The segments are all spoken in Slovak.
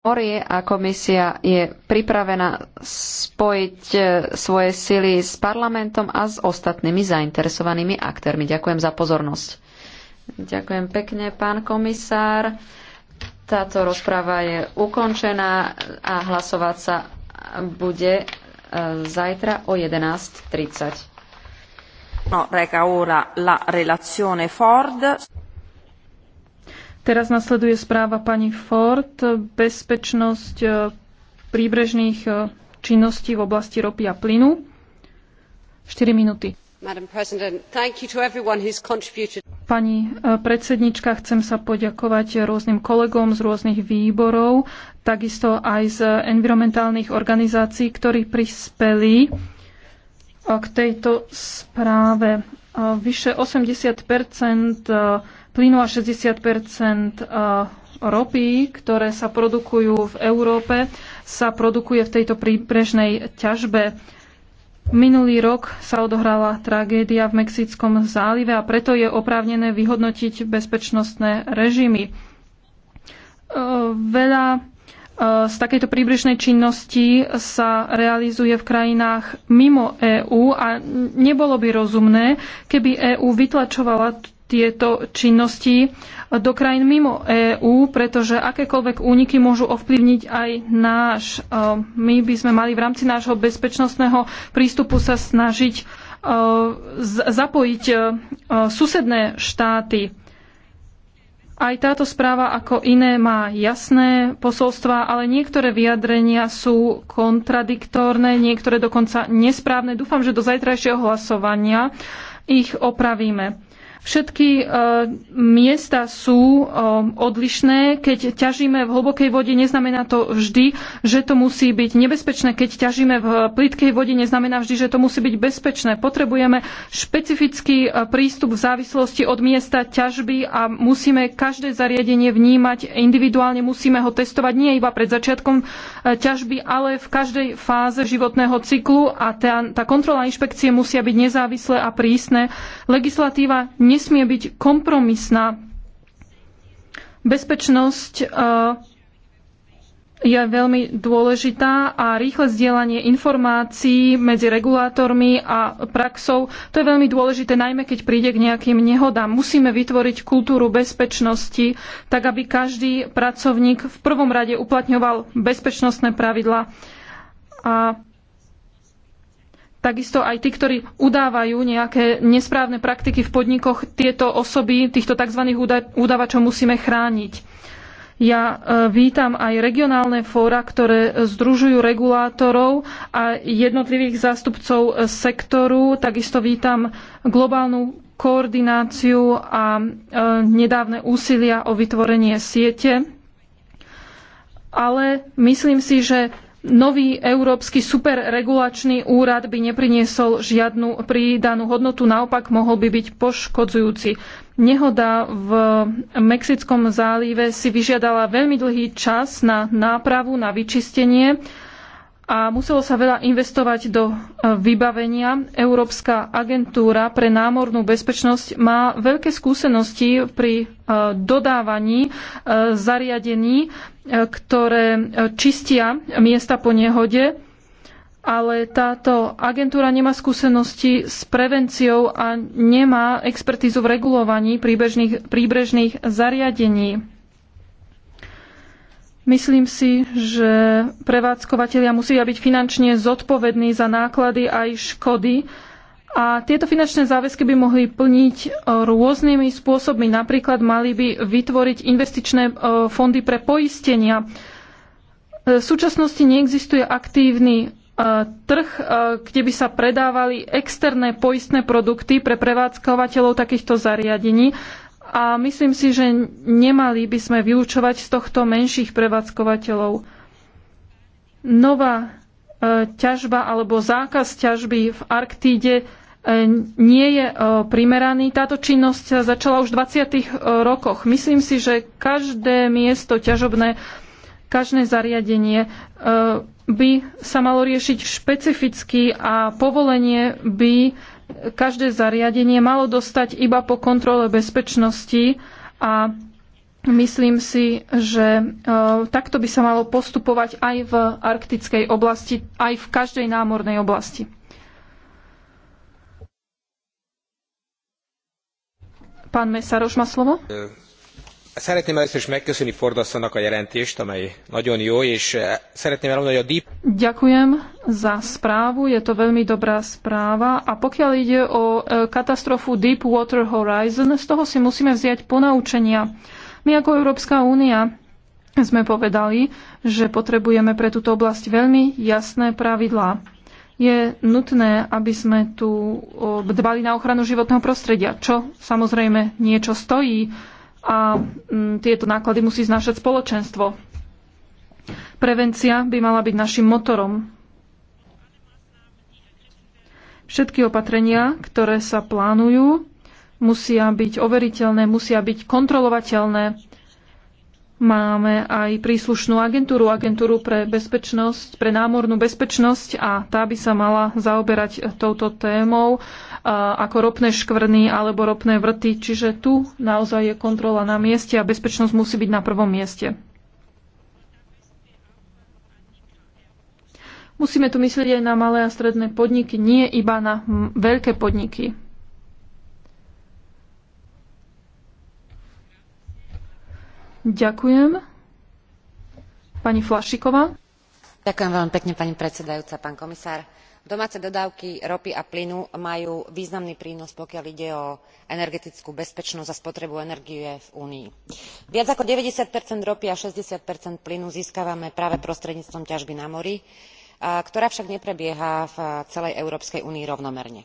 Morie a komisia je pripravená spojiť e, svoje sily s parlamentom a s ostatnými zainteresovanými aktérmi. Ďakujem za pozornosť. Ďakujem pekne, pán komisár. Táto rozpráva je ukončená a hlasovať sa bude e, zajtra o 11.30. No, reca ora la relazione Ford. Teraz nasleduje správa pani Ford. Bezpečnosť e, príbrežných e, činností v oblasti ropy a plynu. 4 minúty. Pani e, predsednička, chcem sa poďakovať rôznym kolegom z rôznych výborov, takisto aj z environmentálnych organizácií, ktorí prispeli k tejto správe. Vyše 80 plynu a 60 e, ropy, ktoré sa produkujú v Európe, sa produkuje v tejto príbrežnej ťažbe. Minulý rok sa odohrala tragédia v Mexickom zálive a preto je oprávnené vyhodnotiť bezpečnostné režimy. E, veľa e, z takejto príbrežnej činnosti sa realizuje v krajinách mimo EÚ a nebolo by rozumné, keby EÚ vytlačovala tieto činnosti do krajín mimo EÚ, pretože akékoľvek úniky môžu ovplyvniť aj náš. Eh, my by sme mali v rámci nášho bezpečnostného prístupu sa snažiť eh, zapojiť eh, susedné štáty. Aj táto správa ako iné má jasné posolstva, ale niektoré vyjadrenia sú kontradiktórne, niektoré dokonca nesprávne. Dúfam, že do zajtrajšieho hlasovania ich opravíme. Všetky e, miesta sú e, odlišné. Keď ťažíme v hlbokej vode, neznamená to vždy, že to musí byť nebezpečné. Keď ťažíme v plitkej vode, neznamená vždy, že to musí byť bezpečné. Potrebujeme špecifický e, prístup v závislosti od miesta ťažby a musíme každé zariadenie vnímať individuálne, musíme ho testovať nie iba pred začiatkom e, ťažby, ale v každej fáze životného cyklu a tá, tá kontrola inšpekcie musia byť nezávislé a prísne. Legislatíva nesmie byť kompromisná. Bezpečnosť e, je veľmi dôležitá a rýchle zdieľanie informácií medzi regulátormi a praxou, to je veľmi dôležité, najmä keď príde k nejakým nehodám. Musíme vytvoriť kultúru bezpečnosti, tak aby každý pracovník v prvom rade uplatňoval bezpečnostné pravidlá. A Takisto aj tí, ktorí udávajú nejaké nesprávne praktiky v podnikoch, tieto osoby, týchto tzv. udávačov musíme chrániť. Ja e, vítam aj regionálne fóra, ktoré združujú regulátorov a jednotlivých zástupcov e, sektoru. Takisto vítam globálnu koordináciu a e, nedávne úsilia o vytvorenie siete. Ale myslím si, že nový európsky superregulačný úrad by nepriniesol žiadnu pridanú hodnotu, naopak mohol by byť poškodzujúci. Nehoda v Mexickom zálive si vyžiadala veľmi dlhý čas na nápravu, na vyčistenie a muselo sa veľa investovať do e, vybavenia. Európska agentúra pre námornú bezpečnosť má veľké skúsenosti pri e, dodávaní e, zariadení, ktoré čistia miesta po nehode, ale táto agentúra nemá skúsenosti s prevenciou a nemá expertízu v regulovaní príbežných, príbrežných zariadení. Myslím si, že prevádzkovateľia musia byť finančne zodpovední za náklady aj škody a tieto finančné záväzky by mohli plniť e, rôznymi spôsobmi. Napríklad mali by vytvoriť investičné e, fondy pre poistenia. E, v súčasnosti neexistuje aktívny trh, kde by sa predávali externé poistné produkty pre prevádzkovateľov takýchto zariadení a myslím si, že nemali by sme vylúčovať z tohto menších prevádzkovateľov. Nová e, ťažba alebo zákaz ťažby v Arktíde e, nie je e, primeraný. Táto činnosť začala už v 20. rokoch. Myslím si, že každé miesto ťažobné, každé zariadenie by sa malo riešiť špecificky a povolenie by každé zariadenie malo dostať iba po kontrole bezpečnosti a myslím si, že e, takto by sa malo postupovať aj v arktickej oblasti, aj v každej námornej oblasti. Pán Mesaroš má slovo. E, Szeretném először is megköszönni Ford asszonynak a jelentést, amely nagyon jó, és eh, szeretném elmondani, hogy a Ďakujem za správu, je to veľmi dobrá správa. A pokiaľ ide o eh, katastrofu Deepwater Horizon, z toho si musíme vziať ponaučenia. My ako Európska únia sme povedali, že potrebujeme pre túto oblasť veľmi jasné pravidlá. Je nutné, aby sme tu dbali na ochranu životného prostredia, čo samozrejme niečo stojí a mm, tieto náklady musí znášať spoločenstvo. Prevencia by mala byť našim motorom. Všetky opatrenia, ktoré sa plánujú, musia byť overiteľné, musia byť kontrolovateľné Máme aj príslušnú agentúru, agentúru pre bezpečnosť, pre námornú bezpečnosť a tá by sa mala zaoberať touto témou ako ropné škvrny alebo ropné vrty. Čiže tu naozaj je kontrola na mieste a bezpečnosť musí byť na prvom mieste. Musíme tu myslieť aj na malé a stredné podniky, nie iba na veľké podniky. Ďakujem. Pani Flašiková. Ďakujem veľmi pekne, pani predsedajúca, pán komisár. Domáce dodávky ropy a plynu majú významný prínos, pokiaľ ide o energetickú bezpečnosť a spotrebu energie v Únii. Viac ako 90 ropy a 60 plynu získavame práve prostredníctvom ťažby na mori, ktorá však neprebieha v celej Európskej únii rovnomerne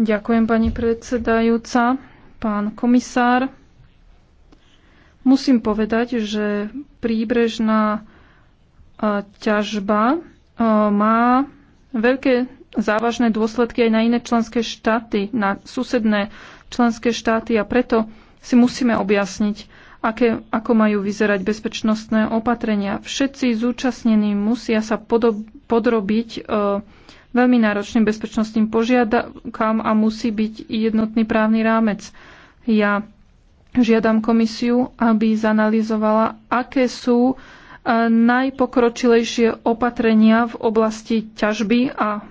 Ďakujem, pani predsedajúca. Pán komisár, musím povedať, že príbrežná e, ťažba e, má veľké závažné dôsledky aj na iné členské štáty, na susedné členské štáty a preto si musíme objasniť, aké, ako majú vyzerať bezpečnostné opatrenia. Všetci zúčastnení musia sa podob, podrobiť e, veľmi náročným bezpečnostným požiadavkám a musí byť jednotný právny rámec. Ja žiadam komisiu, aby zanalizovala, aké sú e, najpokročilejšie opatrenia v oblasti ťažby a e,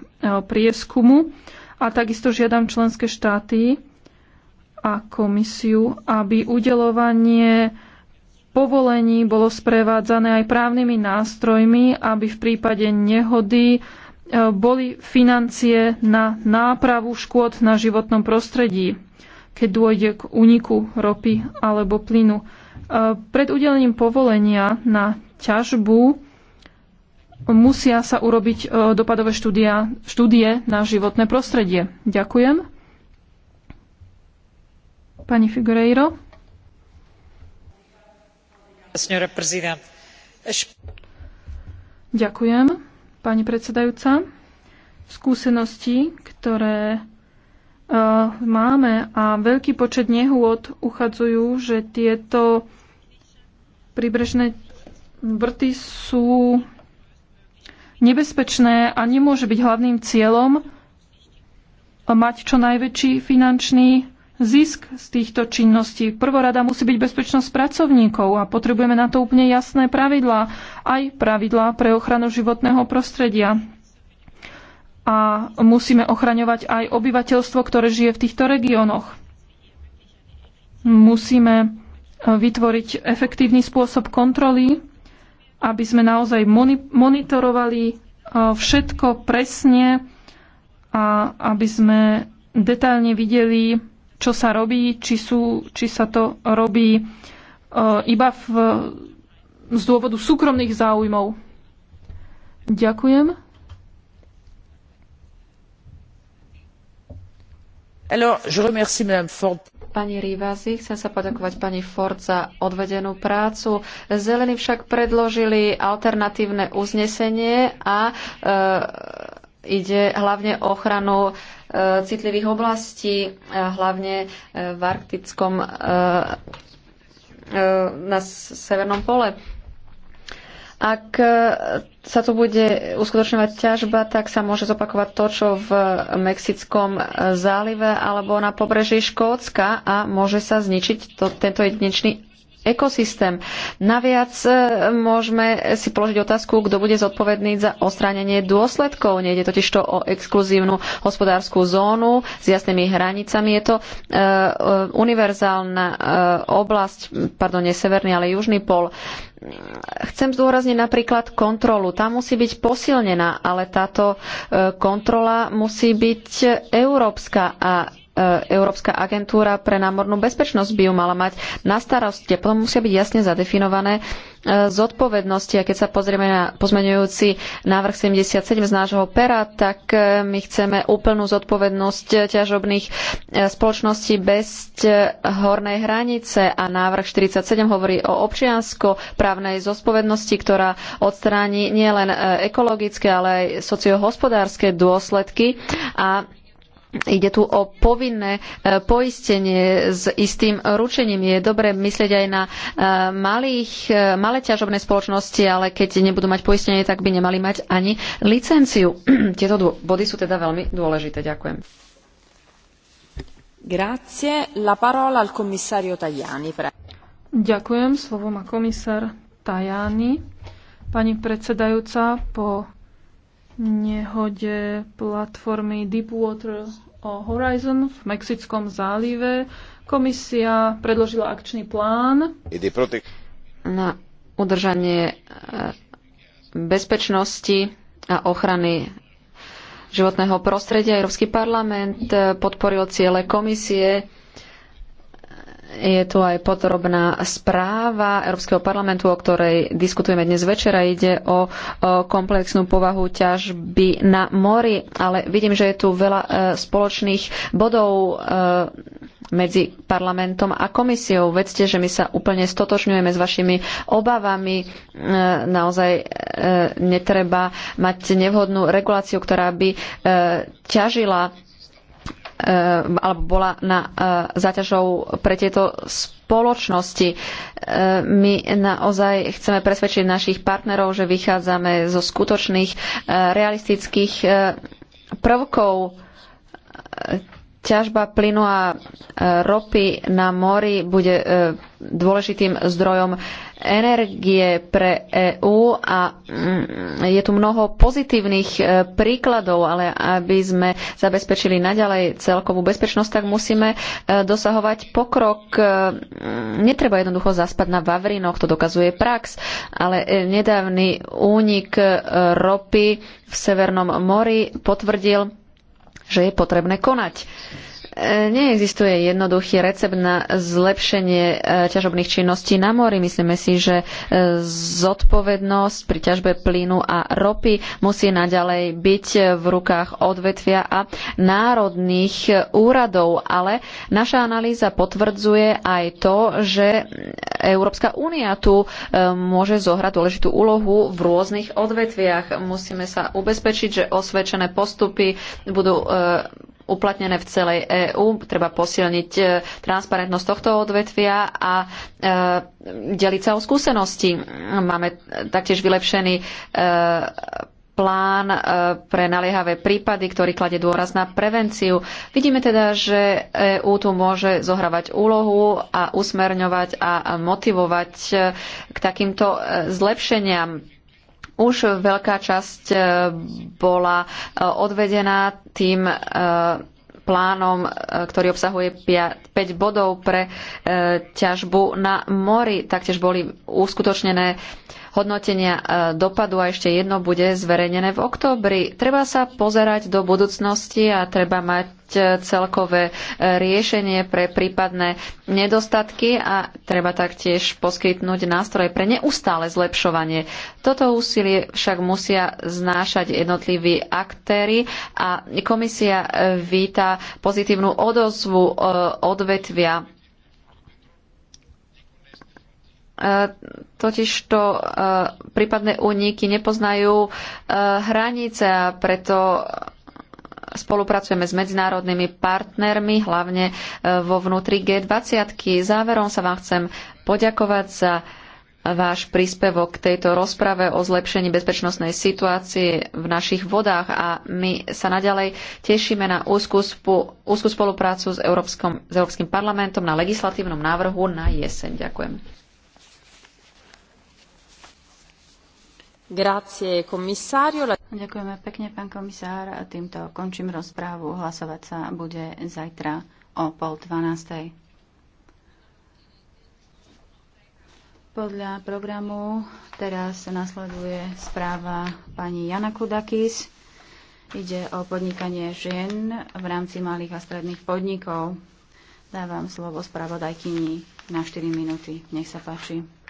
prieskumu. A takisto žiadam členské štáty a komisiu, aby udelovanie povolení bolo sprevádzané aj právnymi nástrojmi, aby v prípade nehody E, boli financie na nápravu škôd na životnom prostredí, keď dôjde k úniku ropy alebo plynu. E, pred udelením povolenia na ťažbu musia sa urobiť e, dopadové štúdia, štúdie na životné prostredie. Ďakujem. Pani Figureiro. Ďakujem pani predsedajúca. Skúsenosti, ktoré e, máme a veľký počet nehôd uchádzajú, že tieto príbrežné vrty sú nebezpečné a nemôže byť hlavným cieľom mať čo najväčší finančný zisk z týchto činností. Prvorada musí byť bezpečnosť pracovníkov a potrebujeme na to úplne jasné pravidlá, aj pravidlá pre ochranu životného prostredia. A musíme ochraňovať aj obyvateľstvo, ktoré žije v týchto regiónoch. Musíme e, vytvoriť efektívny spôsob kontroly, aby sme naozaj monitorovali e, všetko presne a aby sme detailne videli, čo sa robí, či, sú, či sa to robí e, iba v, z dôvodu súkromných záujmov. Ďakujem. Alors, je remercie Madame Ford pani Rivazi. Chcem sa poďakovať pani Ford za odvedenú prácu. Zelení však predložili alternatívne uznesenie a e, Ide hlavne o ochranu e, citlivých oblastí, e, hlavne e, v arktickom na severnom pole. Ak sa tu bude uskutočňovať ťažba, tak sa môže zopakovať to, čo v Mexickom zálive alebo na pobreží Škótska a môže sa zničiť to, tento jedinečný ekosystém. Naviac e, môžeme si položiť otázku, kto bude zodpovedný za ostránenie dôsledkov. Nejde totiž to o exkluzívnu hospodárskú zónu s jasnými hranicami. Je to e, e univerzálna e, oblasť, pardon, nie severný, ale južný pol. Chcem zdôrazniť napríklad kontrolu. Tá musí byť posilnená, ale táto e, kontrola musí byť európska a E, Európska agentúra pre námornú bezpečnosť by ju mala mať na starosti. Potom musia byť jasne zadefinované e, zodpovednosti. A keď sa pozrieme na pozmeňujúci návrh 77 z nášho pera, tak e, my chceme úplnú zodpovednosť ťažobných spoločností bez hornej hranice a návrh 47 hovorí o občiansko-právnej zodpovednosti, ktorá odstráni nielen ekologické, ale aj sociohospodárske dôsledky a Ide tu o povinné e, poistenie s istým ručením. Je dobre myslieť aj na e, malých, e, malé ťažobné spoločnosti, ale keď nebudú mať poistenie, tak by nemali mať ani licenciu. Tieto body sú teda veľmi dôležité. Ďakujem. Grazie. La parola al commissario Tajani. Ďakujem. Slovo má komisár Tajani. Pani predsedajúca, po nehode platformy Deepwater Horizon v Mexickom zálive. Komisia predložila akčný plán na udržanie e, bezpečnosti a ochrany životného prostredia. Európsky parlament e, podporil ciele komisie je tu aj podrobná správa Európskeho parlamentu, o ktorej diskutujeme dnes večera. Ide o, komplexnú povahu ťažby na mori, ale vidím, že je tu veľa e, spoločných bodov e, medzi parlamentom a komisiou. Vedzte, že my sa úplne stotočňujeme s vašimi obavami. E, naozaj netreba mať nevhodnú reguláciu, ktorá by ťažila Eh, alebo bola na eh, záťažou pre tieto spoločnosti. Eh, my naozaj chceme presvedčiť našich partnerov, že vychádzame zo skutočných realistických prvkov ťažba plynu a e, ropy na mori bude e, dôležitým zdrojom energie pre EÚ a mm, je tu mnoho pozitívnych e, príkladov, ale aby sme zabezpečili naďalej celkovú bezpečnosť, tak musíme dosahovať pokrok. Mm, netreba jednoducho zaspať na Vavrinoch, to dokazuje prax, ale nedávny únik ropy v Severnom mori potvrdil, že je potrebné konať. E, neexistuje jednoduchý recept na zlepšenie e, ťažobných činností na mori. Myslíme si, že e, zodpovednosť pri ťažbe plynu a ropy musí naďalej byť v rukách odvetvia a národných úradov, ale naša analýza potvrdzuje aj to, že Európska únia tu môže zohrať dôležitú úlohu v rôznych odvetviach. Musíme sa ubezpečiť, že osvedčené postupy budú uplatnené v celej EÚ. Treba posilniť e, transparentnosť tohto odvetvia a e, deliť sa o skúsenosti. Máme taktiež vylepšený e, plán pre naliehavé prípady, ktorý klade dôraz na prevenciu. Vidíme teda, že EU tu môže zohrávať úlohu a usmerňovať a motivovať k takýmto zlepšeniam už veľká časť e, bola e, odvedená tým e, plánom, ktorý obsahuje 5 bodov pre ťažbu na mori. Taktiež boli uskutočnené hodnotenia e, dopadu a ešte jedno bude zverejnené v októbri. Treba sa pozerať do budúcnosti a treba mať e, celkové e, riešenie pre prípadné nedostatky a treba taktiež poskytnúť nástroje pre neustále zlepšovanie. Toto úsilie však musia znášať jednotliví aktéry a komisia víta pozitívnu odozvu odvetvia totižto uh, e, prípadné úniky nepoznajú uh, hranice a preto spolupracujeme s medzinárodnými partnermi, hlavne e, vo vnútri G20. Záverom sa vám chcem poďakovať za váš príspevok k tejto rozprave o zlepšení bezpečnostnej situácie v našich vodách a my sa naďalej tešíme na úzkú, spu, úzkú spoluprácu s, Európskom, s Európskym parlamentom na legislatívnom návrhu na jeseň. Ďakujem. Grazie, Ďakujeme pekne, pán komisár. Týmto končím rozprávu. Hlasovať sa bude zajtra o pol dvanástej. Podľa programu teraz nasleduje správa pani Jana Kudakis. Ide o podnikanie žien v rámci malých a stredných podnikov. Dávam slovo spravodajkyni na 4 minúty. Nech sa páči.